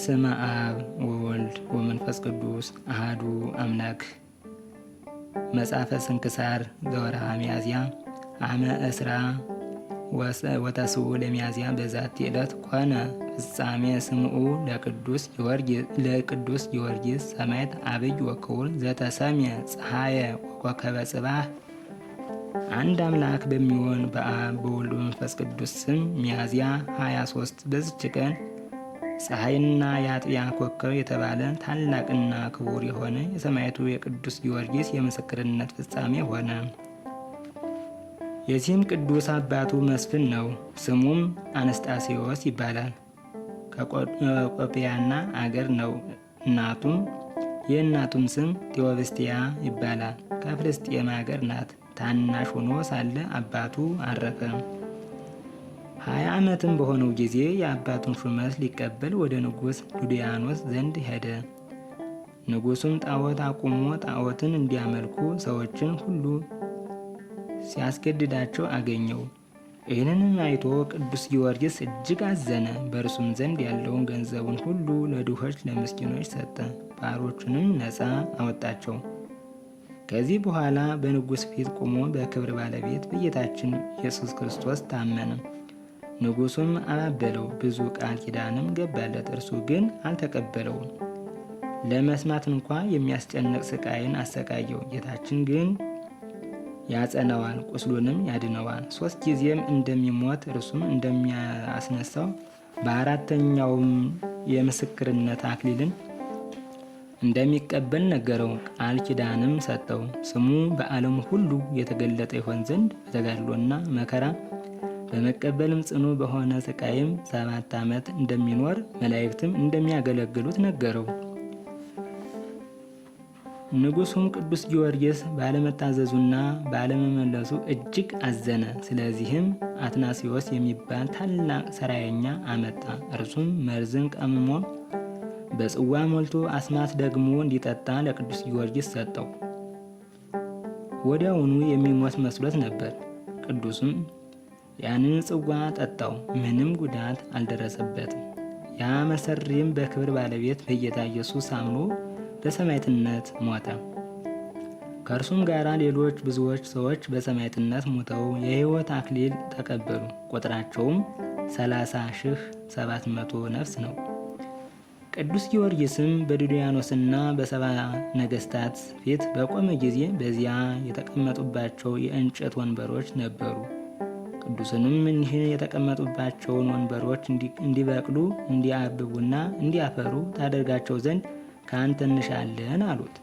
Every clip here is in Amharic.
በስመ አብ ወወልድ ወመንፈስ ቅዱስ አህዱ አምላክ። መጽሐፈ ስንክሳር ዘወርሃ ሚያዝያ አመ እስራ ወተስዑ ለሚያዝያ በዛቲ ዕለት ኮነ ፍጻሜ ስምዑ ለቅዱስ ጊዮርጊስ ሰማዕት አብይ ወክቡር ዘተሰሜ ፀሐየ ወኮከበ ጽባህ። አንድ አምላክ በሚሆን በአብ በወልድ በመንፈስ ቅዱስ ስም ሚያዝያ 23 በዝች ቀን ፀሐይና የአጥቢያ ኮከብ የተባለ ታላቅና ክቡር የሆነ የሰማዕቱ የቅዱስ ጊዮርጊስ የምስክርነት ፍጻሜ ሆነ። የዚህም ቅዱስ አባቱ መስፍን ነው። ስሙም አነስጣሴዎስ ይባላል። ከቆጵያና አገር ነው። እናቱም የእናቱም ስም ቴዎብስቲያ ይባላል። ከፍልስጤም አገር ናት። ታናሽ ሆኖ ሳለ አባቱ አረፈ። ሀያ ዓመትም በሆነው ጊዜ የአባቱን ሹመት ሊቀበል ወደ ንጉሥ ሉዲያኖስ ዘንድ ሄደ። ንጉሱም ጣዖት አቁሞ ጣዖትን እንዲያመልኩ ሰዎችን ሁሉ ሲያስገድዳቸው አገኘው። ይህንንም አይቶ ቅዱስ ጊዮርጊስ እጅግ አዘነ። በእርሱም ዘንድ ያለውን ገንዘቡን ሁሉ ለድሆች፣ ለምስኪኖች ሰጠ። ባሮቹንም ነፃ አወጣቸው። ከዚህ በኋላ በንጉሥ ፊት ቆሞ በክብር ባለቤት በጌታችን ኢየሱስ ክርስቶስ ታመነ። ንጉሱም አባበለው፣ ብዙ ቃል ኪዳንም ገባለት። እርሱ ግን አልተቀበለውም። ለመስማት እንኳ የሚያስጨንቅ ስቃይን አሰቃየው። ጌታችን ግን ያጸነዋል፣ ቁስሉንም ያድነዋል። ሶስት ጊዜም እንደሚሞት እርሱም እንደሚያስነሳው በአራተኛውም የምስክርነት አክሊልን እንደሚቀበል ነገረው። ቃል ኪዳንም ሰጠው። ስሙ በዓለም ሁሉ የተገለጠ ይሆን ዘንድ በተጋድሎና መከራ በመቀበልም ጽኑ በሆነ ስቃይም ሰባት ዓመት እንደሚኖር መላእክትም እንደሚያገለግሉት ነገረው። ንጉሱም ቅዱስ ጊዮርጊስ ባለመታዘዙና ባለመመለሱ እጅግ አዘነ። ስለዚህም አትናሲዎስ የሚባል ታላቅ ሰራየኛ አመጣ። እርሱም መርዝን ቀምሞ በጽዋ ሞልቶ አስማት ደግሞ እንዲጠጣ ለቅዱስ ጊዮርጊስ ሰጠው። ወዲያውኑ የሚሞት መስሎት ነበር። ቅዱስም ያንን ጽዋ ጠጣው፣ ምንም ጉዳት አልደረሰበትም። ያ መሰሪም በክብር ባለቤት በጌታ ኢየሱስ አምኖ በሰማዕትነት ሞተ። ከእርሱም ጋር ሌሎች ብዙዎች ሰዎች በሰማዕትነት ሞተው የሕይወት አክሊል ተቀበሉ። ቁጥራቸውም 30700 ነፍስ ነው። ቅዱስ ጊዮርጊስም በዱድያኖስና በሰባ ነገሥታት ፊት በቆመ ጊዜ በዚያ የተቀመጡባቸው የእንጨት ወንበሮች ነበሩ። ቅዱስንም እኒህን የተቀመጡባቸውን ወንበሮች እንዲበቅሉ እንዲያብቡና እንዲያፈሩ ታደርጋቸው ዘንድ ከአንተ እንሻለን አሉት።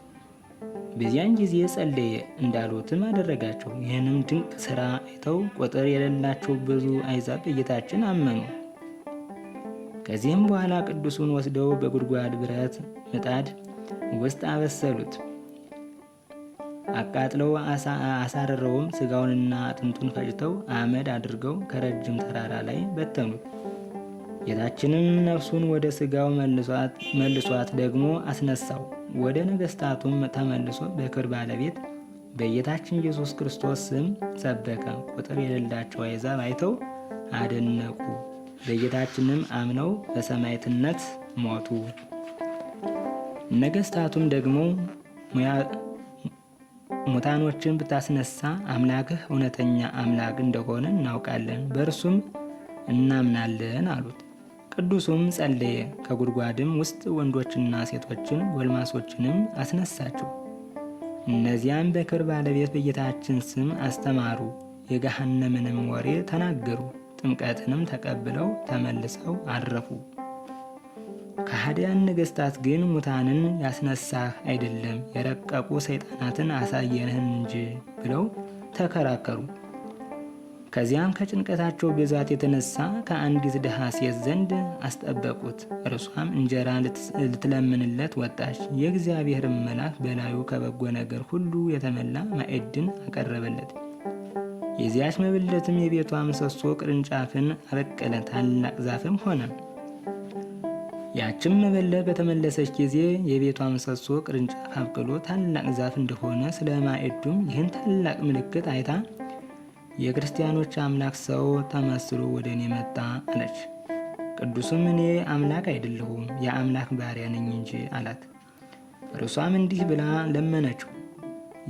በዚያን ጊዜ ጸለየ፣ እንዳሉትም አደረጋቸው። ይህንም ድንቅ ሥራ አይተው ቁጥር የሌላቸው ብዙ አሕዛብ በጌታችን አመኑ። ከዚህም በኋላ ቅዱሱን ወስደው በጉድጓድ ብረት ምጣድ ውስጥ አበሰሉት። አቃጥለው አሳረረውም። ስጋውንና አጥንቱን ፈጭተው አመድ አድርገው ከረጅም ተራራ ላይ በተኑት። ጌታችንም ነፍሱን ወደ ስጋው መልሷት ደግሞ አስነሳው። ወደ ነገስታቱም ተመልሶ በክብር ባለቤት በጌታችን ኢየሱስ ክርስቶስ ስም ሰበከ። ቁጥር የሌላቸው አሕዛብ አይተው አደነቁ። በጌታችንም አምነው በሰማዕትነት ሞቱ። ነገስታቱም ደግሞ ሙታኖችን ብታስነሳ አምላክህ እውነተኛ አምላክ እንደሆነ እናውቃለን፣ በእርሱም እናምናለን አሉት። ቅዱሱም ጸለየ። ከጉድጓድም ውስጥ ወንዶችና ሴቶችን ጎልማሶችንም አስነሳቸው። እነዚያም በክብር ባለቤት በጌታችን ስም አስተማሩ፣ የገሃነምንም ወሬ ተናገሩ። ጥምቀትንም ተቀብለው ተመልሰው አረፉ። ከሃዲያን ነገስታት ግን ሙታንን ያስነሳህ አይደለም የረቀቁ ሰይጣናትን አሳየንህን እንጂ ብለው ተከራከሩ። ከዚያም ከጭንቀታቸው ብዛት የተነሳ ከአንዲት ድሃ ሴት ዘንድ አስጠበቁት። እርሷም እንጀራ ልትለምንለት ወጣች። የእግዚአብሔርም መልአክ በላዩ ከበጎ ነገር ሁሉ የተመላ ማዕድን አቀረበለት። የዚያች መብለትም የቤቷ ምሰሶ ቅርንጫፍን አበቀለ፣ ታላቅ ዛፍም ሆነ። ያችም መበለት በተመለሰች ጊዜ የቤቷ ምሰሶ ቅርንጫፍ አብቅሎ ታላቅ ዛፍ እንደሆነ ስለ ማዕዱም ይህን ታላቅ ምልክት አይታ የክርስቲያኖች አምላክ ሰው ተመስሎ ወደ እኔ መጣ አለች። ቅዱስም እኔ አምላክ አይደለሁም የአምላክ ባሪያ ነኝ እንጂ አላት። እርሷም እንዲህ ብላ ለመነችው፣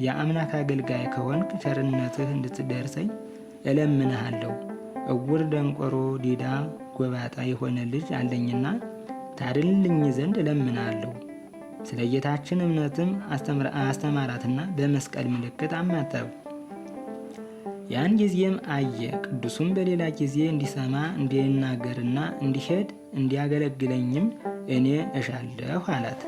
የአምላክ አገልጋይ ከሆንክ ቸርነትህ እንድትደርሰኝ እለምንሃለሁ። እውር፣ ደንቆሮ፣ ዲዳ፣ ጎባጣ የሆነ ልጅ አለኝና ታድልኝ ዘንድ እለምናለሁ። ስለ ጌታችን እምነትም አስተማራትና በመስቀል ምልክት አማተብ። ያን ጊዜም አየ። ቅዱሱም በሌላ ጊዜ እንዲሰማ እንዲናገርና እንዲሄድ እንዲያገለግለኝም እኔ እሻለሁ አላት።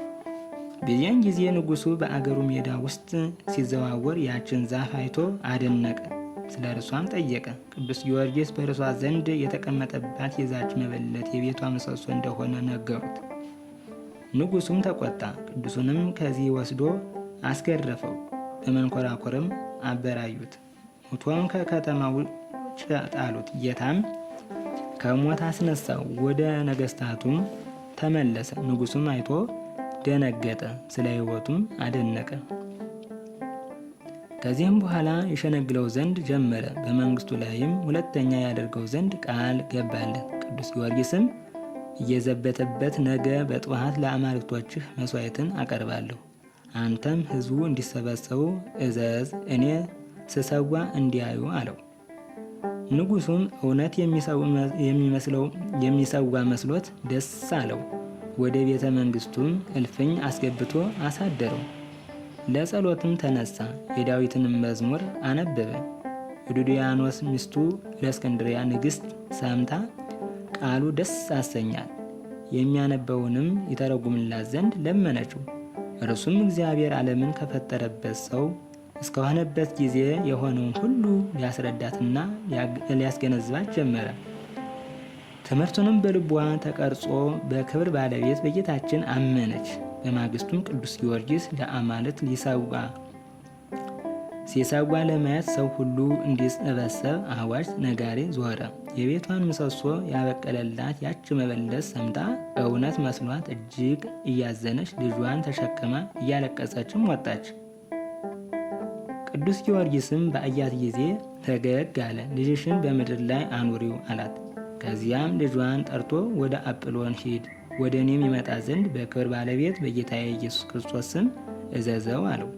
በዚያን ጊዜ ንጉሡ በአገሩ ሜዳ ውስጥ ሲዘዋወር ያችን ዛፍ አይቶ አደነቀ። ስለ እርሷም ጠየቀ። ቅዱስ ጊዮርጊስ በእርሷ ዘንድ የተቀመጠባት የዛች መበለት የቤቷ ምሰሶ እንደሆነ ነገሩት። ንጉሱም ተቆጣ። ቅዱሱንም ከዚህ ወስዶ አስገረፈው፣ በመንኮራኮርም አበራዩት። ሙቶም ከከተማ ውጭ ጣሉት። ጌታም ከሞት አስነሳው፣ ወደ ነገስታቱም ተመለሰ። ንጉሱም አይቶ ደነገጠ፣ ስለ ሕይወቱም አደነቀ። ከዚህም በኋላ የሸነግለው ዘንድ ጀመረ። በመንግስቱ ላይም ሁለተኛ ያደርገው ዘንድ ቃል ገባለ። ቅዱስ ጊዮርጊስም እየዘበተበት ነገ በጠዋት ለአማልክቶችህ መስዋዕትን አቀርባለሁ፣ አንተም ሕዝቡ እንዲሰበሰቡ እዘዝ፣ እኔ ስሰዋ እንዲያዩ አለው። ንጉሱም እውነት የሚሰዋ መስሎት ደስ አለው። ወደ ቤተ መንግስቱም እልፍኝ አስገብቶ አሳደረው። ለጸሎትም ተነሳ፣ የዳዊትንም መዝሙር አነበበ። ዩድያኖስ ሚስቱ ለእስክንድሪያ ንግሥት ሰምታ ቃሉ ደስ አሰኛል። የሚያነበውንም ይተረጉምላት ዘንድ ለመነችው። እርሱም እግዚአብሔር ዓለምን ከፈጠረበት ሰው እስከሆነበት ጊዜ የሆነውን ሁሉ ሊያስረዳትና ሊያስገነዝባት ጀመረ። ትምህርቱንም በልቧ ተቀርጾ በክብር ባለቤት በጌታችን አመነች። በማግስቱም ቅዱስ ጊዮርጊስ ለአማለት ሊሰዋ ሲሰዋ ለማየት ሰው ሁሉ እንዲሰበሰብ አዋጅ ነጋሪ ዞረ። የቤቷን ምሰሶ ያበቀለላት ያች መበለስ ሰምታ እውነት መስሏት እጅግ እያዘነች ልጇን ተሸክማ እያለቀሰችም ወጣች። ቅዱስ ጊዮርጊስም በአያት ጊዜ ፈገግ አለ። ልጅሽን በምድር ላይ አኑሪው አላት። ከዚያም ልጇን ጠርቶ ወደ አጵሎን ሂድ ወደ እኔም ይመጣ ዘንድ በክብር ባለቤት በጌታዬ ኢየሱስ ክርስቶስ ስም እዘዘው አለው።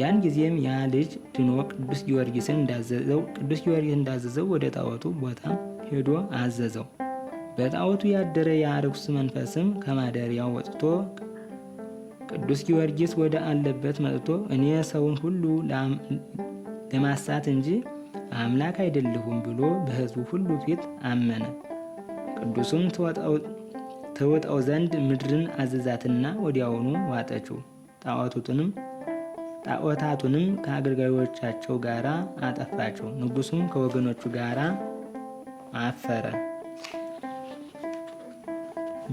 ያን ጊዜም ያ ልጅ ድኖ ቅዱስ ጊዮርጊስን እንዳዘዘው ቅዱስ ጊዮርጊስ እንዳዘዘው ወደ ጣዖቱ ቦታ ሄዶ አዘዘው። በጣዖቱ ያደረ ያ መንፈስም ከማደሪያው ወጥቶ ቅዱስ ጊዮርጊስ ወደ አለበት መጥቶ እኔ ሰውን ሁሉ ለማሳት እንጂ አምላክ አይደለሁም ብሎ በሕዝቡ ሁሉ ፊት አመነ። ቅዱሱም ተወጣው ዘንድ ምድርን አዘዛትና ወዲያውኑ ዋጠችው። ጣዖቱንም ጣዖታቱንም ከአገልጋዮቻቸው ጋር አጠፋቸው። ንጉሱም ከወገኖቹ ጋር አፈረ።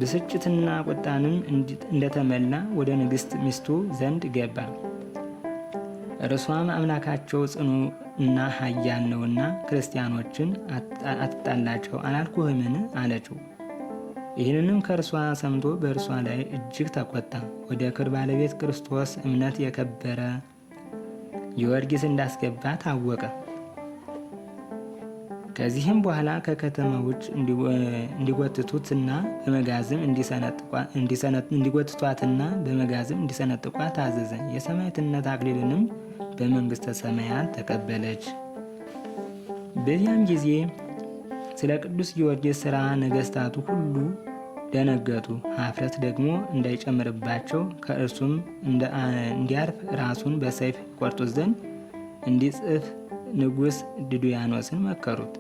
ብስጭትና ቁጣንም እንደተመላ ወደ ንግሥት ሚስቱ ዘንድ ገባ። እርሷም አምላካቸው ጽኑ እና ኃያል ነውና ክርስቲያኖችን አትጣላቸው አላልኩህምን? አለችው። ይህንንም ከእርሷ ሰምቶ በእርሷ ላይ እጅግ ተቆጣ። ወደ ክብር ባለቤት ክርስቶስ እምነት የከበረ ጊዮርጊስ እንዳስገባ ታወቀ። ከዚህም በኋላ ከከተማ ውጭ እንዲጎትቱትና በመጋዝም እንዲጎትቷትና በመጋዝም እንዲሰነጥቋት ታዘዘ። የሰማዕትነት አክሊልንም በመንግሥተ ሰማያት ተቀበለች። በዚያም ጊዜ ስለ ቅዱስ ጊዮርጊስ ሥራ ነገሥታቱ ሁሉ ደነገጡ። ሀፍረት ደግሞ እንዳይጨምርባቸው ከእርሱም እንዲያርፍ ራሱን በሰይፍ ቆርጡት ዘንድ እንዲጽፍ ንጉሥ ድዱያኖስን መከሩት።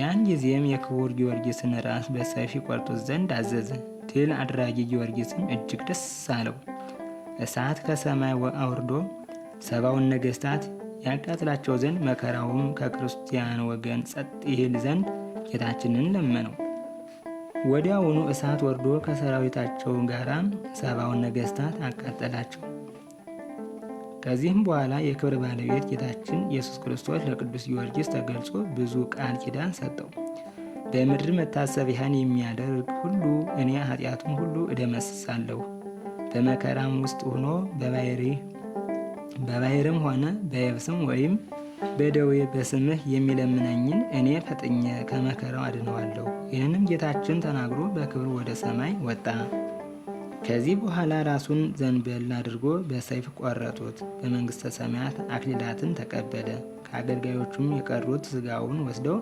ያን ጊዜም የክቡር ጊዮርጊስን ራስ በሰይፍ ቆርጡት ዘንድ አዘዘ። ድል አድራጊ ጊዮርጊስም እጅግ ደስ አለው። እሳት ከሰማይ አውርዶ ሰባውን ነገሥታት ያቃጥላቸው ዘንድ መከራውም ከክርስቲያን ወገን ጸጥ ይህል ዘንድ ጌታችንን ለመነው። ወዲያውኑ እሳት ወርዶ ከሰራዊታቸው ጋር ሰባውን ነገስታት አቃጠላቸው። ከዚህም በኋላ የክብር ባለቤት ጌታችን ኢየሱስ ክርስቶስ ለቅዱስ ጊዮርጊስ ተገልጾ ብዙ ቃል ኪዳን ሰጠው። በምድር መታሰቢያን የሚያደርግ ሁሉ እኔ ኃጢአቱን ሁሉ እደመስሳለሁ። በመከራም ውስጥ ሆኖ በባይርም ሆነ በየብስም ወይም በደዌ በስምህ የሚለምነኝን እኔ ፈጥኜ ከመከራው አድነዋለሁ። ይህንም ጌታችን ተናግሮ በክብር ወደ ሰማይ ወጣ። ከዚህ በኋላ ራሱን ዘንበል አድርጎ በሰይፍ ቆረጡት። በመንግሥተ ሰማያት አክሊላትን ተቀበለ። ከአገልጋዮቹም የቀሩት ሥጋውን ወስደው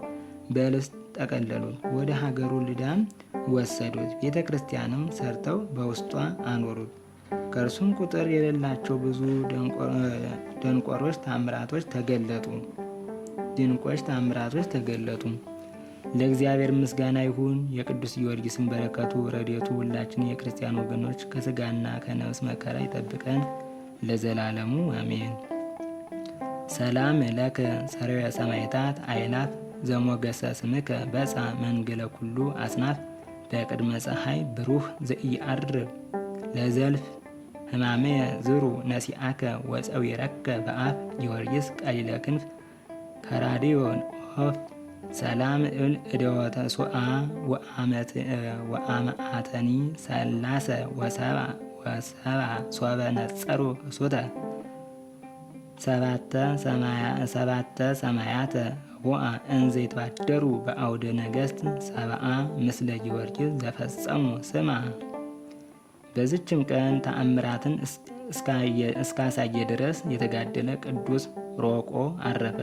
በልብስ ጠቀለሉት። ወደ ሀገሩ ልዳም ወሰዱት። ቤተ ክርስቲያንም ሰርተው በውስጧ አኖሩት። ከእርሱም ቁጥር የሌላቸው ብዙ ደንቆሮች ታምራቶች ተገለጡ። ድንቆች ታምራቶች ተገለጡ። ለእግዚአብሔር ምስጋና ይሁን። የቅዱስ ጊዮርጊስን በረከቱ ረድኤቱ ሁላችን የክርስቲያን ወገኖች ከስጋና ከነፍስ መከራ ይጠብቀን ለዘላለሙ አሜን። ሰላም ለከ ሰሪያ ሰማይታት አይላፍ ዘሞገሰ ስምከ በጻ መንገለ ኩሉ አስናፍ በቅድመ ፀሐይ ብሩህ ዘኢአርብ ለዘልፍ ህማሜ ዝሩ ነሲአከ ወፀው ወፀዊረከ በአፍ ጊዮርጊስ ቀሊለ ክንፍ ከራዲዮን ኦፍ ሰላም እን እደወተ ሶአ ወአማአተኒ ሰላሰ ወሰባ ወሰባ ሶበ ነጸሩ ክሱተ ሰባተ ሰማያተ ቦአ እንዘይተባደሩ በአውደ ነገስት ሰብአ ምስለ ጊዮርጊስ ዘፈጸሙ ስማ በዚችም ቀን ተአምራትን እስካሳየ ድረስ የተጋደለ ቅዱስ ሮቆ አረፈ።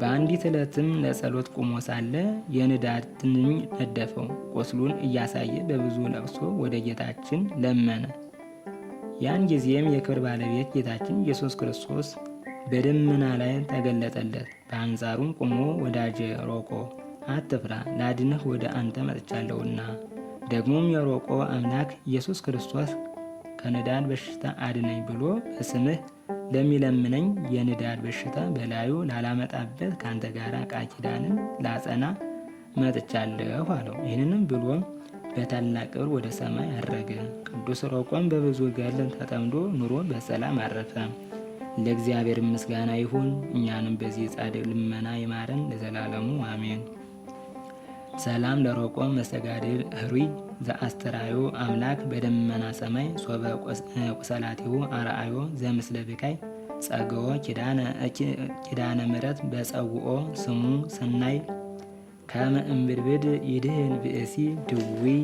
በአንዲት ዕለትም ለጸሎት ቁሞ ሳለ የንዳድ ትንኝ ነደፈው። ቁስሉን እያሳየ በብዙ ለቅሶ ወደ ጌታችን ለመነ። ያን ጊዜም የክብር ባለቤት ጌታችን ኢየሱስ ክርስቶስ በደመና ላይ ተገለጠለት። በአንጻሩም ቆሞ ወዳጄ ሮቆ አትፍራ፣ ላድንህ ወደ አንተ መጥቻለሁና ደግሞም የሮቆ አምላክ ኢየሱስ ክርስቶስ ከንዳድ በሽታ አድነኝ ብሎ በስምህ ለሚለምነኝ የንዳድ በሽታ በላዩ ላላመጣበት ከአንተ ጋር ቃል ኪዳንን ላጸና መጥቻለሁ አለው። ይህንንም ብሎም በታላቅ ክብር ወደ ሰማይ አረገ። ቅዱስ ሮቆም በብዙ ገል ተጠምዶ ኑሮ በሰላም አረፈ። ለእግዚአብሔር ምስጋና ይሁን፣ እኛንም በዚህ ጻድቅ ልመና ይማረን ለዘላለሙ አሜን። ሰላም ለሮቆ መስተጋድል ህሩይ ዘአስተራዩ አምላክ በደመና ሰማይ ሶበ ቁሰላቲሁ አርአዮ ዘምስለ ብካይ ጸገዎ ኪዳነ ምረት በጸውኦ ስሙ ሰናይ ከመ እምብድብድ ይድህን ብእሲ ድዊ